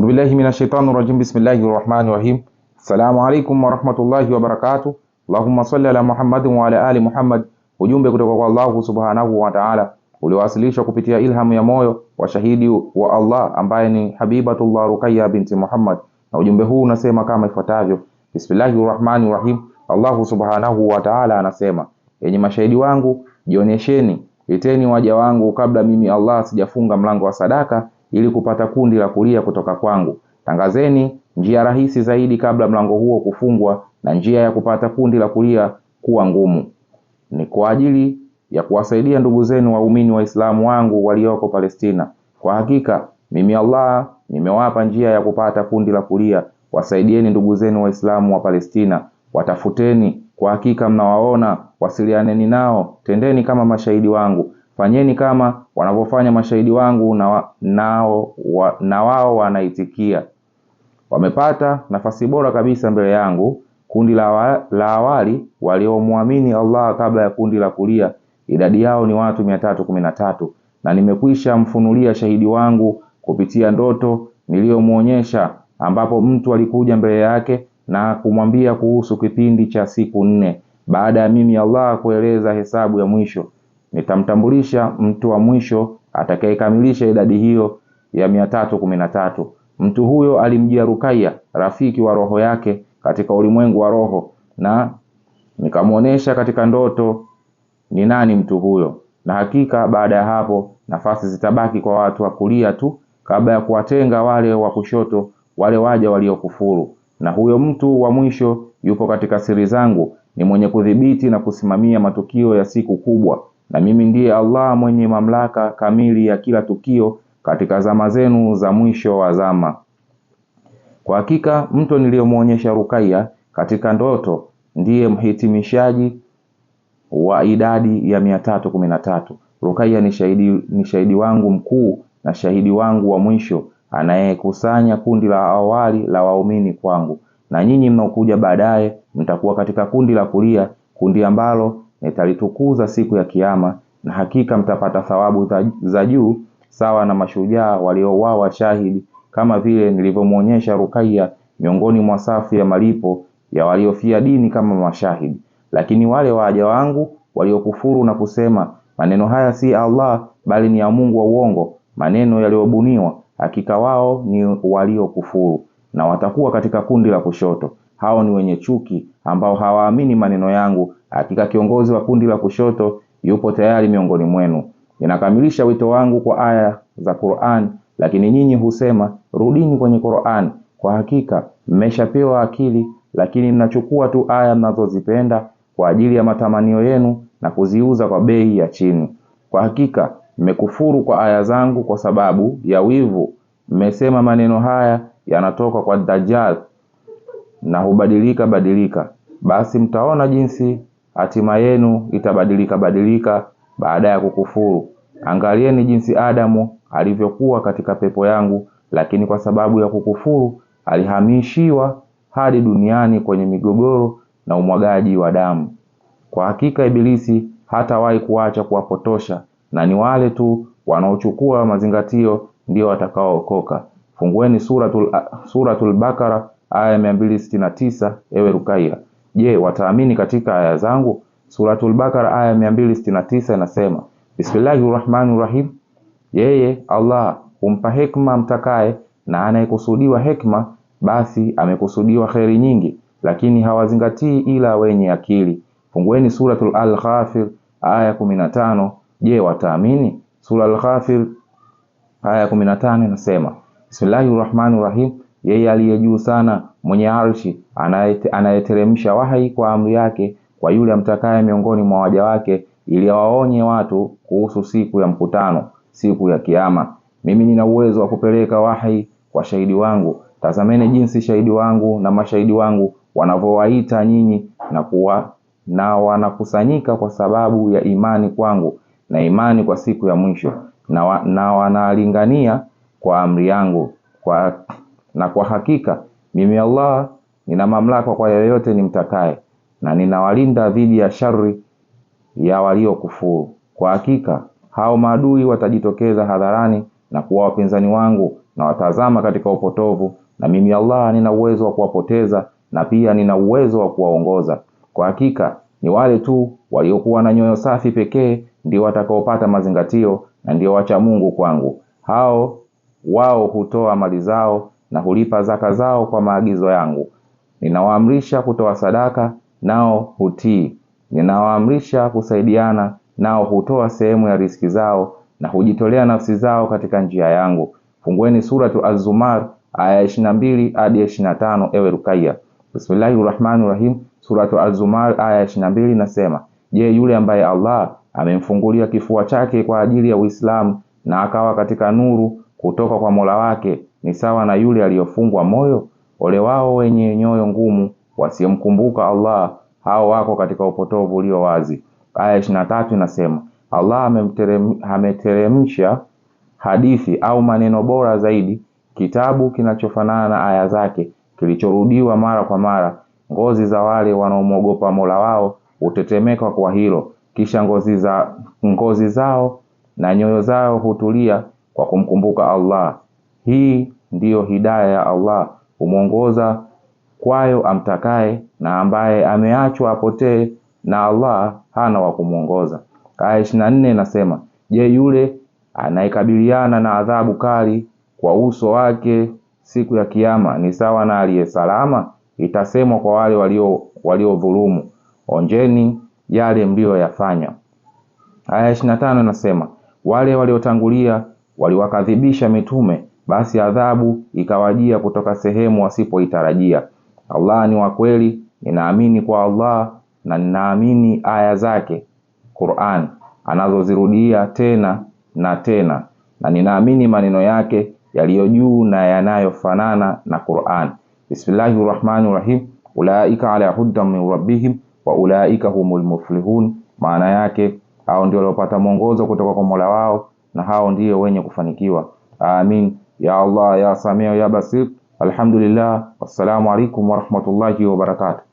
أعوذ بالله من الشيطان الرجيم بسم الله الرحمن الرحيم السلام عليكم ورحمة الله وبركاته اللهم صل على محمد وعلى آل محمد Ujumbe kutoka kwa Allah وتعالى uliowasilishwa kupitia ilhamu ya moyo wa shahidi wa Allah ambaye ni Habibatullah Ruqayya binti Muhammad, na ujumbe huu unasema kama ifuatavyo: Bismillahir rahmanir rahim. Allah subhanahu wa ta'ala anasema, enyi mashahidi wangu, jionyesheni, iteni waja wangu kabla mimi Allah sijafunga mlango wa sadaka ili kupata kundi la kulia kutoka kwangu. Tangazeni njia rahisi zaidi kabla mlango huo kufungwa na njia ya kupata kundi la kulia kuwa ngumu. Ni kwa ajili ya kuwasaidia ndugu zenu waumini Waislamu wangu walioko Palestina. Kwa hakika mimi Allah nimewapa njia ya kupata kundi la kulia. Wasaidieni ndugu zenu Waislamu wa Palestina, watafuteni, kwa hakika mnawaona, wasilianeni nao, tendeni kama mashahidi wangu. Fanyeni kama wanavyofanya mashahidi wangu na, nao, wa, na wao wanaitikia. Wamepata nafasi bora kabisa mbele yangu, kundi la, wa, la awali waliomwamini Allah kabla ya kundi la kulia. Idadi yao ni watu miatatu kumi na tatu na nimekwisha mfunulia shahidi wangu kupitia ndoto niliyomwonyesha, ambapo mtu alikuja mbele yake na kumwambia kuhusu kipindi cha siku nne baada ya mimi Allah kueleza hesabu ya mwisho Nitamtambulisha mtu wa mwisho atakayekamilisha idadi hiyo ya mia tatu kumi na tatu. Mtu huyo alimjia rukaiya rafiki wa roho yake katika ulimwengu wa roho, na nikamwonyesha katika ndoto ni nani mtu huyo. Na hakika baada ya hapo nafasi zitabaki kwa watu wa kulia tu, kabla ya kuwatenga wale wa kushoto, wale waja waliokufuru. Na huyo mtu wa mwisho yupo katika siri zangu, ni mwenye kudhibiti na kusimamia matukio ya siku kubwa na mimi ndiye Allah mwenye mamlaka kamili ya kila tukio katika zama zenu za mwisho wa zama. Kwa hakika mtu niliyomwonyesha rukaiya katika ndoto ndiye mhitimishaji wa idadi ya miatatu kumi na tatu. ni shahidi, ni shahidi wangu mkuu na shahidi wangu wa mwisho anayekusanya kundi la awali la waumini kwangu, na nyinyi mnaokuja baadaye mtakuwa katika kundi la kulia, kundi ambalo Nitalitukuza siku ya Kiyama, na hakika mtapata thawabu za juu sawa na mashujaa waliouawa shahidi, kama vile nilivyomwonyesha rukaiya miongoni mwa safu ya malipo ya waliofia dini kama mashahidi. Lakini wale waja wangu waliokufuru na kusema, maneno haya si Allah bali ni ya mungu wa uongo, maneno yaliyobuniwa, hakika wao ni waliokufuru na watakuwa katika kundi la kushoto. Hao ni wenye chuki ambao hawaamini maneno yangu. Hakika kiongozi wa kundi la kushoto yupo tayari miongoni mwenu. Ninakamilisha wito wangu kwa aya za Qur'an, lakini nyinyi husema rudini kwenye Qur'an. Kwa hakika mmeshapewa akili, lakini mnachukua tu aya mnazozipenda kwa ajili ya matamanio yenu na kuziuza kwa bei ya chini. Kwa hakika mmekufuru kwa aya zangu kwa sababu ya wivu. Mmesema maneno haya yanatoka kwa Dajjal na hubadilika badilika basi mtaona jinsi hatima yenu itabadilika badilika baada ya kukufuru. Angalieni jinsi Adamu alivyokuwa katika pepo yangu, lakini kwa sababu ya kukufuru alihamishiwa hadi duniani kwenye migogoro na umwagaji wa damu. Kwa hakika Ibilisi hatawahi kuacha kuwapotosha, na ni wale tu wanaochukua mazingatio ndio watakaookoka. Fungueni Suratul Bakara aya mia mbili sitini na tisa Ewe Ruqayyah, je, wataamini katika aya zangu? Suratul Bakara aya mia mbili sitini na tisa inasema Bismillahir Rahmanir Rahim, yeye Allah humpa hekima mtakaye, na anayekusudiwa hekima basi amekusudiwa kheri nyingi, lakini hawazingatii ila wenye akili. Fungueni Suratul Al-Ghafir aya tano Je, wataamini? Sura Al-Ghafir aya 15 inasema Bismillahir Rahmanir Rahim yeye aliye juu sana mwenye arshi anayeteremsha wahi kwa amri yake kwa yule amtakaye miongoni mwa waja wake ili awaonye watu kuhusu siku ya mkutano, siku ya Kiyama. Mimi nina uwezo wa kupeleka wahi kwa shahidi wangu. Tazameni jinsi shahidi wangu na mashahidi wangu wanavyowaita nyinyi na kuwa na wanakusanyika kwa sababu ya imani kwangu na imani kwa siku ya mwisho, na, wa, na wanalingania kwa amri yangu kwa na kwa hakika mimi Allah nina mamlaka kwa yoyote nimtakaye, na ninawalinda dhidi ya shari ya waliokufuru. Kwa hakika hao maadui watajitokeza hadharani na kuwa wapinzani wangu na watazama katika upotovu, na mimi Allah nina uwezo wa kuwapoteza na pia nina uwezo wa kuwaongoza. Kwa hakika ni wale tu waliokuwa na nyoyo safi pekee ndio watakaopata mazingatio na ndio wacha Mungu kwangu. Hao wao hutoa mali zao na hulipa zaka zao kwa maagizo yangu. Ninawaamrisha kutoa sadaka, nao hutii. Ninawaamrisha kusaidiana, nao hutoa sehemu ya riski zao na hujitolea nafsi zao katika njia yangu. Fungueni Suratu Az-Zumar aya ya ishirini mbili hadi ya tano ewe Rukaiya. Bismillahir Rahmanir Rahim. Suratu az aya ya ishirini na mbili inasema: Je, yule ambaye Allah amemfungulia kifua chake kwa ajili ya Uislamu na akawa katika nuru kutoka kwa Mola wake ni sawa na yule aliyofungwa moyo. Ole wao wenye nyoyo ngumu wasiemkumbuka Allah, hao wako katika upotovu ulio wazi. Aya ishirini tatu inasema Allah ameteremsha hadithi au maneno bora zaidi, kitabu kinachofanana na aya zake, kilichorudiwa mara kwa mara. Ngozi za wale wanaomwogopa Mola wao hutetemeka kwa hilo, kisha ngozi, za, ngozi zao na nyoyo zao hutulia kwa kumkumbuka Allah. Hii ndiyo hidaya ya Allah humwongoza kwayo amtakaye na ambaye ameachwa apotee na Allah hana wa kumwongoza. Aya 24 nne inasema Je, yule anayekabiliana na adhabu kali kwa uso wake siku ya Kiyama ni sawa na aliye salama? Itasemwa kwa wale waliodhulumu, walio onjeni yale mliyoyafanya. Aya ishirini tano inasema wale waliotangulia waliwakadhibisha mitume basi adhabu ikawajia kutoka sehemu wasipoitarajia. Allah ni wa kweli, ninaamini kwa Allah na ninaamini aya zake Qur'an anazozirudia tena na tena, na ninaamini maneno yake yaliyo juu na yanayofanana na Qur'an. Bismillahir Rahmanir Rahim, ulaika ala hudan min rabbihim wa ulaika humul muflihun, maana yake hao ndio waliopata mwongozo kutoka kwa Mola wao na hao ndio wenye kufanikiwa. Amin. يا الله يا سميع يا بصير الحمد لله والسلام عليكم ورحمة الله وبركاته